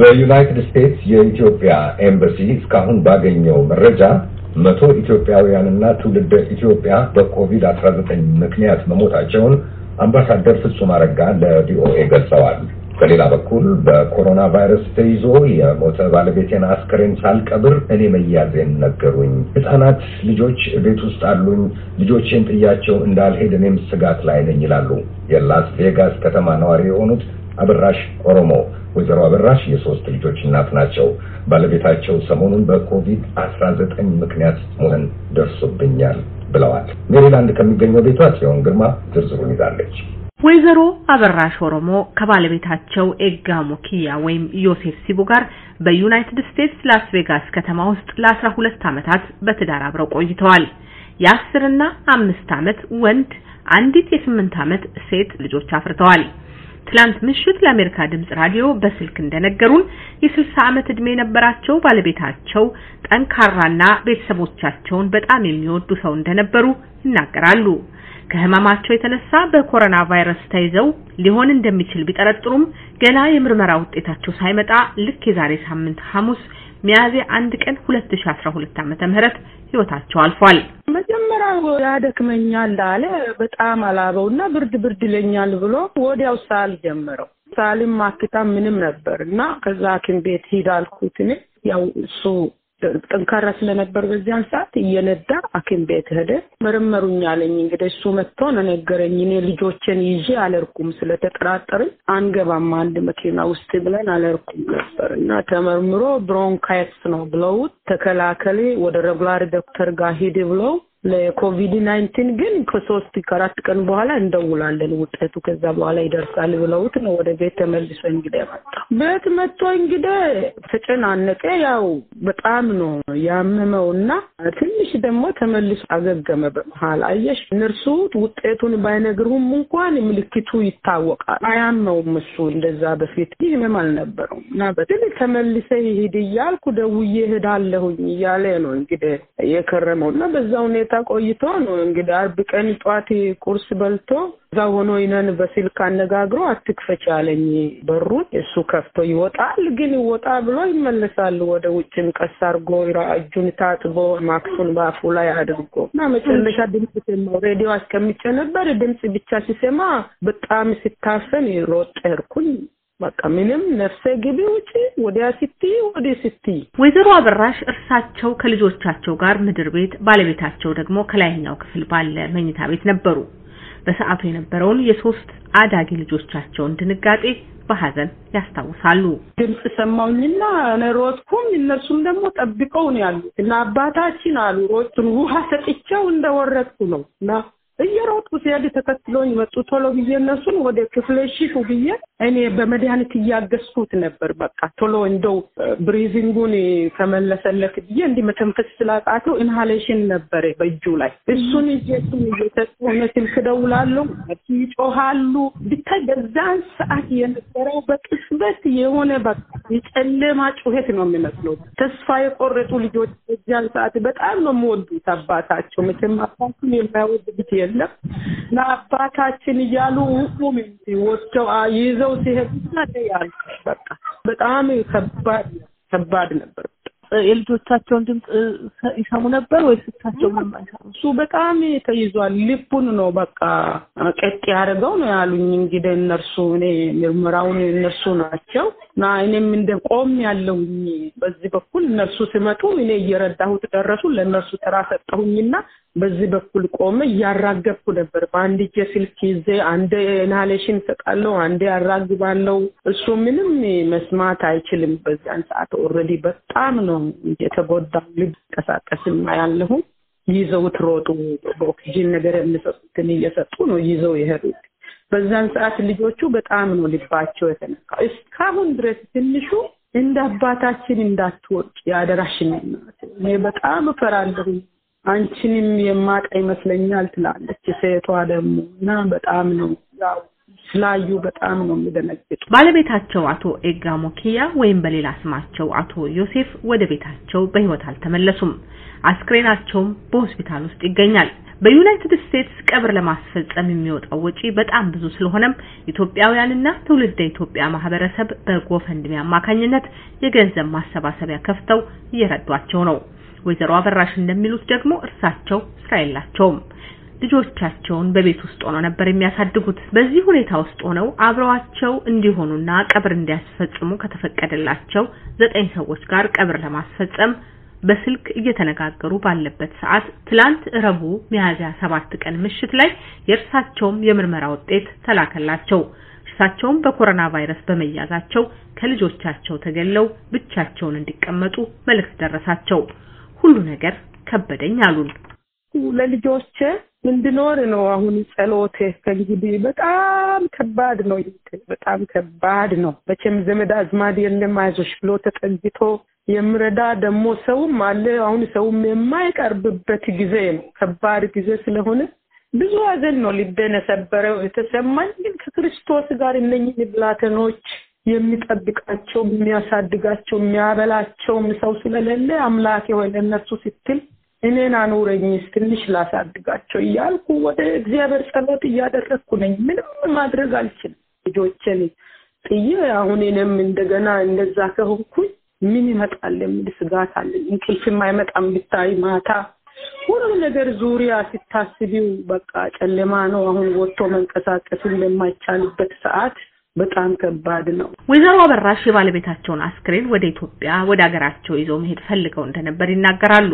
በዩናይትድ ስቴትስ የኢትዮጵያ ኤምባሲ እስካሁን ባገኘው መረጃ መቶ ኢትዮጵያውያንና ትውልደ ኢትዮጵያ በኮቪድ-19 ምክንያት መሞታቸውን አምባሳደር ፍጹም አረጋ ለቪኦኤ ገልጸዋል። በሌላ በኩል በኮሮና ቫይረስ ተይዞ የሞተ ባለቤቴን አስከሬን ሳልቀብር እኔ መያዜን ነገሩኝ። ሕፃናት ልጆች ቤት ውስጥ አሉኝ። ልጆቼን ጥያቸው እንዳልሄድ እኔም ስጋት ላይ ነኝ ይላሉ የላስ ቬጋስ ከተማ ነዋሪ የሆኑት አበራሽ ኦሮሞ ወይዘሮ አበራሽ የሶስት ልጆች እናት ናቸው። ባለቤታቸው ሰሞኑን በኮቪድ አስራ ዘጠኝ ምክንያት መሆን ደርሶብኛል ብለዋል። ሜሪላንድ ከሚገኘው ቤቷ ጽዮን ግርማ ዝርዝሩን ይዛለች። ወይዘሮ አበራሽ ኦሮሞ ከባለቤታቸው ኤጋ ሞኪያ ወይም ዮሴፍ ሲቡ ጋር በዩናይትድ ስቴትስ ላስ ቬጋስ ከተማ ውስጥ ለአስራ ሁለት ዓመታት በትዳር አብረው ቆይተዋል። የአስርና አምስት ዓመት ወንድ አንዲት የስምንት ዓመት ሴት ልጆች አፍርተዋል። ትላንት ምሽት ለአሜሪካ ድምጽ ራዲዮ በስልክ እንደነገሩን የ60 ዓመት ዕድሜ የነበራቸው ባለቤታቸው ጠንካራና ቤተሰቦቻቸውን በጣም የሚወዱ ሰው እንደነበሩ ይናገራሉ። ከህመማቸው የተነሳ በኮሮና ቫይረስ ተይዘው ሊሆን እንደሚችል ቢጠረጥሩም ገና የምርመራ ውጤታቸው ሳይመጣ ልክ የዛሬ ሳምንት ሐሙስ ሚያዝያ አንድ ቀን 2012 ዓ.ም ህይወታቸው አልፏል። ያደክመኛል አለ። በጣም አላበው እና ብርድ ብርድ ይለኛል ብሎ ወዲያው ሳል ጀመረው። ሳልም ማክታ ምንም ነበር እና ከዛ ሐኪም ቤት ሂድ እኔ ያው እሱ ጠንካራ ስለነበር በዚያን ሰዓት እየነዳ ሐኪም ቤት ሄደ። መረመሩኝ አለኝ። እንግዲህ እሱ መጥቶ ነገረኝ። እኔ ልጆችን ይዤ አለርኩም ስለተጠራጠርን አንገባም አንድ መኪና ውስጥ ብለን አለርኩም ነበር እና ተመርምሮ ብሮንካይትስ ነው ብለውት ተከላከሌ ወደ ሬጉላር ዶክተር ጋር ሂድ ብለው ለኮቪድ ናይንቲን ግን ከሶስት ከአራት ቀን በኋላ እንደውላለን ውጤቱ ከዛ በኋላ ይደርሳል ብለውት ነው ወደ ቤት ተመልሶ እንግዳ መጣ። ቤት መጥቶ እንግዳ ተጨናነቀ። ያው በጣም ነው ያመመው እና ትንሽ ደግሞ ተመልሶ አገገመ። በመሀል አየሽ እነርሱ ውጤቱን ባይነግሩም እንኳን ምልክቱ ይታወቃል። አያመውም እሱ እንደዛ በፊት ህመም አልነበረውም እና በትል ተመልሰ ይሄድ እያልኩ ደውዬ እሄዳለሁኝ እያለ ነው እንግዲህ የከረመው እና በዛ ሁኔታ ሁኔታ ቆይቶ ነው እንግዲህ አርብ ቀን ጧት ቁርስ በልቶ እዛ ሆኖ ይነን በስልክ አነጋግሮ አትክፈች አለኝ በሩን። እሱ ከፍቶ ይወጣል፣ ግን ወጣ ብሎ ይመለሳል ወደ ውጭም ቀስ አርጎ እጁን ታጥቦ ማክሱን በአፉ ላይ አድርጎ እና መጨረሻ ድምፅ ሰማሁ። ሬዲዮ አስቀምጬ ነበር። ድምፅ ብቻ ሲሰማ በጣም ሲታፈን ሮጠርኩኝ በቃ ምንም ነፍሰ ግቢ ውጪ ወዲያ ስቲ ወዲ ስቲ። ወይዘሮ አበራሽ እርሳቸው ከልጆቻቸው ጋር ምድር ቤት፣ ባለቤታቸው ደግሞ ከላይኛው ክፍል ባለ መኝታ ቤት ነበሩ። በሰዓቱ የነበረውን የሶስት አዳጊ ልጆቻቸውን ድንጋጤ በሀዘን ያስታውሳሉ። ድምፅ ሰማሁኝና እኔ ሮጥኩም፣ እነሱም ደግሞ ጠብቀውን ያሉ እና አባታችን አሉ ሮጡን ውሃ ሰጥቼው እንደወረድኩ ነው እና እየሮጡ ሲሄድ ተከትሎኝ መጡ። ቶሎ ብዬ እነሱን ወደ ክፍለ ሺፉ ብዬ እኔ በመድኃኒት እያገዝኩት ነበር። በቃ ቶሎ እንደው ብሪዚንጉን ከመለሰለት ብዬ እንዲህ መተንፈስ ስላቃተው ኢንሃሌሽን ነበረ በእጁ ላይ እሱን እጄቱን እየተጠሆነ ስልክ ደውላለሁ፣ ይጮሃሉ። ብታይ በዛን ሰዓት የነበረው በቅስበት የሆነ በቃ የጨለማ ጩኸት ነው የሚመስለው። ተስፋ የቆረጡ ልጆች በዚያን ሰዓት በጣም ነው የምወዱት አባታቸው። መቼም አባቱን የማይወድ ልጅ የለም እና አባታችን እያሉ ሁሉም ወጥተው ይዘው ሲሄዱ ያል በቃ በጣም ከባድ ከባድ ነበር። የልጆቻቸውን ድምፅ ይሰሙ ነበር ወይ? ስታቸው ምንም እሱ በጣም ተይዟል። ልቡን ነው በቃ ቀጥ ያደርገው ነው ያሉኝ። እንግዲህ እነርሱ እኔ ምርመራውን እነርሱ ናቸው እና እኔም እንደ ቆም ያለውኝ በዚህ በኩል እነርሱ ሲመጡ እኔ እየረዳሁት ደረሱ ለእነርሱ ተራ ሰጠሁኝና በዚህ በኩል ቆመ እያራገብኩ ነበር። በአንድ እጄ ስልክ ይዜ አንድ ኢንሃሌሽን ሰጣለሁ፣ አንድ ያራግባለው። እሱ ምንም መስማት አይችልም። በዚያን ሰዓት ኦልሬዲ በጣም ነው የተጎዳው። ልብ ቀሳቀስማ ያለሁ ይዘውት ሮጡ። በኦክሲጂን ነገር የምሰጡትን እየሰጡ ነው ይዘው የሄዱት በዛን ሰዓት ልጆቹ በጣም ነው ልባቸው የተነካው። እስካሁን ድረስ ትንሹ እንደ አባታችን እንዳትወጪ ያደራሽን እናት እኔ በጣም እፈራለሁ አንቺንም የማቀ ይመስለኛል ትላለች። ሴቷ ደግሞ እና በጣም ነው ያው ስላዩ በጣም ነው የሚደነግጡ። ባለቤታቸው አቶ ኤጋ ሞኪያ ወይም በሌላ ስማቸው አቶ ዮሴፍ ወደ ቤታቸው በህይወት አልተመለሱም። አስክሬናቸውም በሆስፒታል ውስጥ ይገኛል። በዩናይትድ ስቴትስ ቀብር ለማስፈጸም የሚወጣው ወጪ በጣም ብዙ ስለሆነም ኢትዮጵያውያንና ትውልደ ኢትዮጵያ ማህበረሰብ በጎፈንድሚ አማካኝነት የገንዘብ ማሰባሰቢያ ከፍተው እየረዷቸው ነው። ወይዘሮ አበራሽ እንደሚሉት ደግሞ እርሳቸው ስራ የላቸውም። ልጆቻቸውን በቤት ውስጥ ሆነው ነበር የሚያሳድጉት። በዚህ ሁኔታ ውስጥ ሆነው አብረዋቸው እንዲሆኑና ቀብር እንዲያስፈጽሙ ከተፈቀደላቸው ዘጠኝ ሰዎች ጋር ቀብር ለማስፈጸም በስልክ እየተነጋገሩ ባለበት ሰዓት ትላንት ረቡዕ ሚያዝያ ሰባት ቀን ምሽት ላይ የእርሳቸውም የምርመራ ውጤት ተላከላቸው። እርሳቸውም በኮሮና ቫይረስ በመያዛቸው ከልጆቻቸው ተገለው ብቻቸውን እንዲቀመጡ መልእክት ደረሳቸው። ሁሉ ነገር ከበደኝ አሉን። ለልጆቼ እንድኖር ነው አሁን ጸሎቴ ከእንግዲህ በጣም በጣም ከባድ ነው። በጣም ከባድ ነው። መቼም ዘመድ አዝማድ የለም አይዞሽ ብሎ ተጠግቶ የምረዳ ደግሞ ሰውም አለ። አሁን ሰውም የማይቀርብበት ጊዜ ነው። ከባድ ጊዜ ስለሆነ ብዙ ሀዘን ነው ልቤ የሰበረው የተሰማኝ። ግን ከክርስቶስ ጋር እነኝ ብላቴኖች የሚጠብቃቸው የሚያሳድጋቸው የሚያበላቸውም ሰው ስለሌለ አምላክ የሆነ ለእነሱ ስትል እኔን አኑረኝስ ትንሽ ላሳድጋቸው እያልኩ ወደ እግዚአብሔር ጸሎት እያደረግኩ ነኝ። ምንም ማድረግ አልችልም። ልጆችን ጥዬ አሁን እኔም እንደገና እንደዛ ከሆንኩኝ ምን ይመጣል የሚል ስጋት አለኝ። እንቅልፍም አይመጣም። ብታይ ማታ ሁሉ ነገር ዙሪያ ሲታስቢው በቃ ጨለማ ነው። አሁን ወጥቶ መንቀሳቀስ እንደማይቻልበት ሰዓት በጣም ከባድ ነው። ወይዘሮ አበራሽ የባለቤታቸውን አስክሬን ወደ ኢትዮጵያ ወደ ሀገራቸው ይዘው መሄድ ፈልገው እንደነበር ይናገራሉ።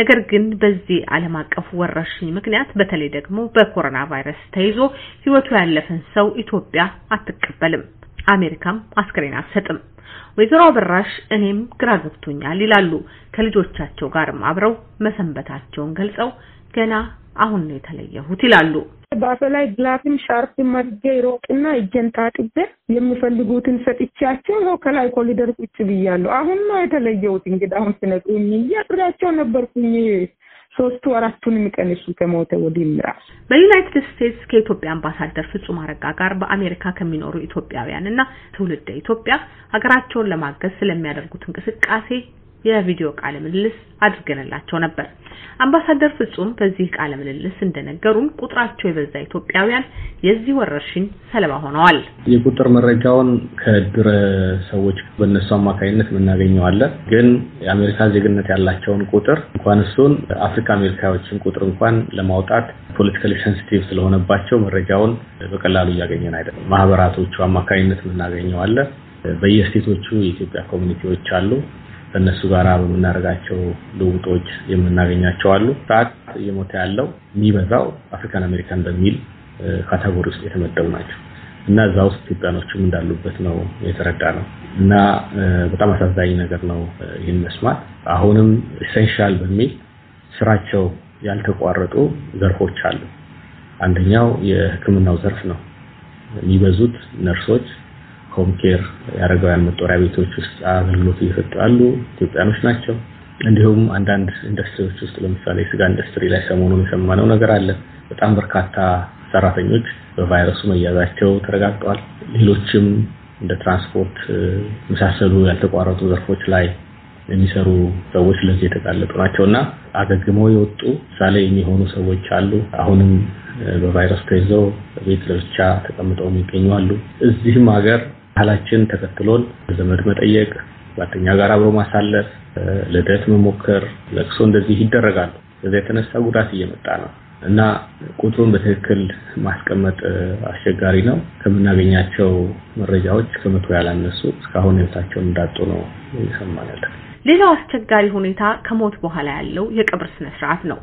ነገር ግን በዚህ ዓለም አቀፍ ወረርሽኝ ምክንያት በተለይ ደግሞ በኮሮና ቫይረስ ተይዞ ሕይወቱ ያለፈን ሰው ኢትዮጵያ አትቀበልም፣ አሜሪካም አስክሬን አትሰጥም። ወይዘሮ አበራሽ እኔም ግራ ገብቶኛል ይላሉ። ከልጆቻቸው ጋርም አብረው መሰንበታቸውን ገልጸው ገና አሁን ነው የተለየሁት ይላሉ። ባፈ ላይ ግላፍም ሻርፕም አድርጌ ይሮቅና እጄን ታጥቤ የሚፈልጉትን ሰጥቻቸው ነው ከላይ ኮሊደር ቁጭ ብያለሁ። አሁን ነው የተለየሁት። እንግዲህ አሁን ሲነግሩኝ እያጥራቸው ነበርኩኝ። ሶስቱ አራቱን የሚቀንሱ ከሞተ ወዲህ ምራስ በዩናይትድ ስቴትስ ከኢትዮጵያ አምባሳደር ፍጹም አረጋ ጋር በአሜሪካ ከሚኖሩ ኢትዮጵያውያን እና ትውልደ ኢትዮጵያ ሀገራቸውን ለማገዝ ስለሚያደርጉት እንቅስቃሴ የቪዲዮ ቃለ ምልልስ አድርገንላቸው ነበር። አምባሳደር ፍጹም በዚህ ቃለ ምልልስ እንደነገሩን ቁጥራቸው የበዛ ኢትዮጵያውያን የዚህ ወረርሽኝ ሰለባ ሆነዋል። የቁጥር መረጃውን ከድረ ሰዎች በእነሱ አማካኝነት የምናገኘው አለ። ግን የአሜሪካ ዜግነት ያላቸውን ቁጥር እንኳን እሱን አፍሪካ አሜሪካዎችን ቁጥር እንኳን ለማውጣት ፖለቲካሊ ሴንስቲቭ ስለሆነባቸው መረጃውን በቀላሉ እያገኘን አይደለም። ማህበራቶቹ አማካኝነት የምናገኘው አለ። በየስቴቶቹ የኢትዮጵያ ኮሚኒቲዎች አሉ። ከእነሱ ጋር በምናደርጋቸው ልውጦች የምናገኛቸው አሉ። ሰዓት እየሞተ ያለው የሚበዛው አፍሪካን አሜሪካን በሚል ካታጎሪ ውስጥ የተመደቡ ናቸው እና እዛ ውስጥ ኢትዮጵያኖችም እንዳሉበት ነው የተረዳ ነው። እና በጣም አሳዛኝ ነገር ነው ይህን መስማት። አሁንም ኢሴንሻል በሚል ስራቸው ያልተቋረጡ ዘርፎች አሉ። አንደኛው የሕክምናው ዘርፍ ነው። የሚበዙት ነርሶች ሆም ኬር የአረጋውያን መጦሪያ ቤቶች ውስጥ አገልግሎት እየሰጡ ያሉ ኢትዮጵያኖች ናቸው። እንዲሁም አንዳንድ ኢንዱስትሪዎች ውስጥ ለምሳሌ ስጋ ኢንዱስትሪ ላይ ሰሞኑን የሰማነው ነገር አለ። በጣም በርካታ ሰራተኞች በቫይረሱ መያዛቸው ተረጋግጠዋል። ሌሎችም እንደ ትራንስፖርት መሳሰሉ ያልተቋረጡ ዘርፎች ላይ የሚሰሩ ሰዎች ለዚህ የተጋለጡ ናቸው እና አገግመው የወጡ ምሳሌ የሚሆኑ ሰዎች አሉ። አሁንም በቫይረስ ተይዘው ቤት ለብቻ ተቀምጠው የሚገኙ አሉ። እዚህም ሀገር ባህላችን ተከትሎን ዘመድ መጠየቅ፣ ጓደኛ ጋር አብሮ ማሳለፍ፣ ልደት መሞከር፣ ለቅሶ እንደዚህ ይደረጋሉ። በዛ የተነሳ ጉዳት እየመጣ ነው እና ቁጥሩን በትክክል ማስቀመጥ አስቸጋሪ ነው። ከምናገኛቸው መረጃዎች ከመቶ ያላነሱ እስካሁን ህይወታቸውን እንዳጡ ነው ይሰማናል። ሌላው አስቸጋሪ ሁኔታ ከሞት በኋላ ያለው የቀብር ስነስርዓት ነው።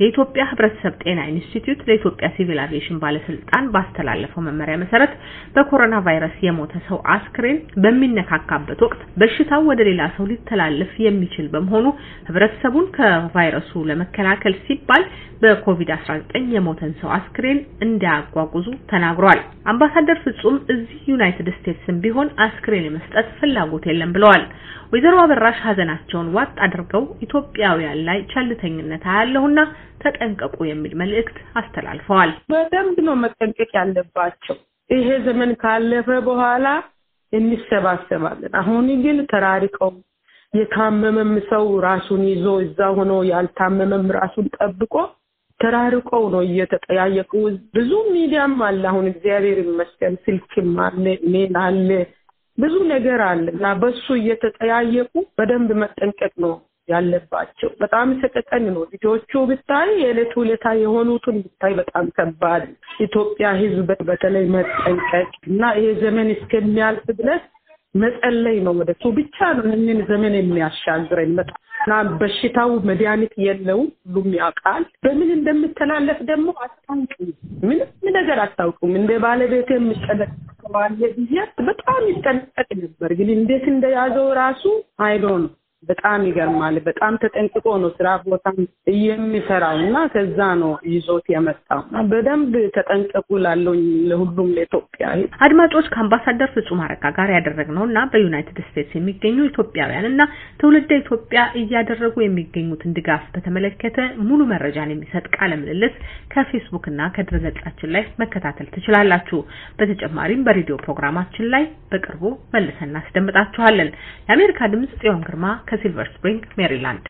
የኢትዮጵያ ህብረተሰብ ጤና ኢንስቲትዩት ለኢትዮጵያ ሲቪል አቪዬሽን ባለስልጣን ባስተላለፈው መመሪያ መሰረት በኮሮና ቫይረስ የሞተ ሰው አስክሬን በሚነካካበት ወቅት በሽታው ወደ ሌላ ሰው ሊተላለፍ የሚችል በመሆኑ ህብረተሰቡን ከቫይረሱ ለመከላከል ሲባል በኮቪድ-19 የሞተን ሰው አስክሬን እንዳያጓጉዙ ተናግሯል። አምባሳደር ፍጹም እዚህ ዩናይትድ ስቴትስም ቢሆን አስክሬን የመስጠት ፍላጎት የለም ብለዋል። ወይዘሮ አበራሽ ሀዘናቸውን ዋጥ አድርገው ኢትዮጵያውያን ላይ ቸልተኝነት አያለሁና ተጠንቀቁ የሚል መልእክት አስተላልፈዋል። በደንብ ነው መጠንቀቅ ያለባቸው። ይሄ ዘመን ካለፈ በኋላ እንሰባሰባለን። አሁን ግን ተራርቀው የታመመም ሰው ራሱን ይዞ እዛ ሆኖ ያልታመመም ራሱን ጠብቆ ተራርቀው ነው እየተጠያየቁ። ብዙ ሚዲያም አለ አሁን እግዚአብሔር ይመስገን፣ ስልክም አለ፣ ሜል አለ፣ ብዙ ነገር አለ እና በሱ እየተጠያየቁ በደንብ መጠንቀቅ ነው ያለባቸው። በጣም ሰቀቀን ነው። ልጆቹ ብታይ የዕለት ውለታ የሆኑትን ብታይ በጣም ከባድ። ኢትዮጵያ ሕዝብ በተለይ መጠንቀቅ እና ይሄ ዘመን እስከሚያልፍ ድረስ መጸለይ ነው። ወደ እሱ ብቻ ነው ይህንን ዘመን የሚያሻግረን። መጣ እና በሽታው መድኃኒት የለውም፣ ሁሉም ያውቃል። በምን እንደምተላለፍ ደግሞ አታውቅም፣ ምንም ነገር አታውቅም። እንደ ባለቤት የምጠለቅ ባለ ጊዜ በጣም ይጠነቀቅ ነበር፣ ግን እንዴት እንደያዘው ራሱ አይዶ ነው በጣም ይገርማል። በጣም ተጠንቅቆ ነው ስራ ቦታም የሚሰራው እና ከዛ ነው ይዞት የመጣው በደንብ ተጠንቀቁ ላለው ለሁሉም ለኢትዮጵያ አድማጮች ከአምባሳደር ፍጹም አረጋ ጋር ያደረግነው እና በዩናይትድ ስቴትስ የሚገኙ ኢትዮጵያውያን እና ትውልደ ኢትዮጵያ እያደረጉ የሚገኙትን ድጋፍ በተመለከተ ሙሉ መረጃን የሚሰጥ ቃለ ምልልስ ከፌስቡክ እና ከድረገጻችን ላይ መከታተል ትችላላችሁ። በተጨማሪም በሬዲዮ ፕሮግራማችን ላይ በቅርቡ መልሰን እናስደምጣችኋለን። የአሜሪካ ድምጽ ጽዮን ግርማ Cusiver Spring, Maryland.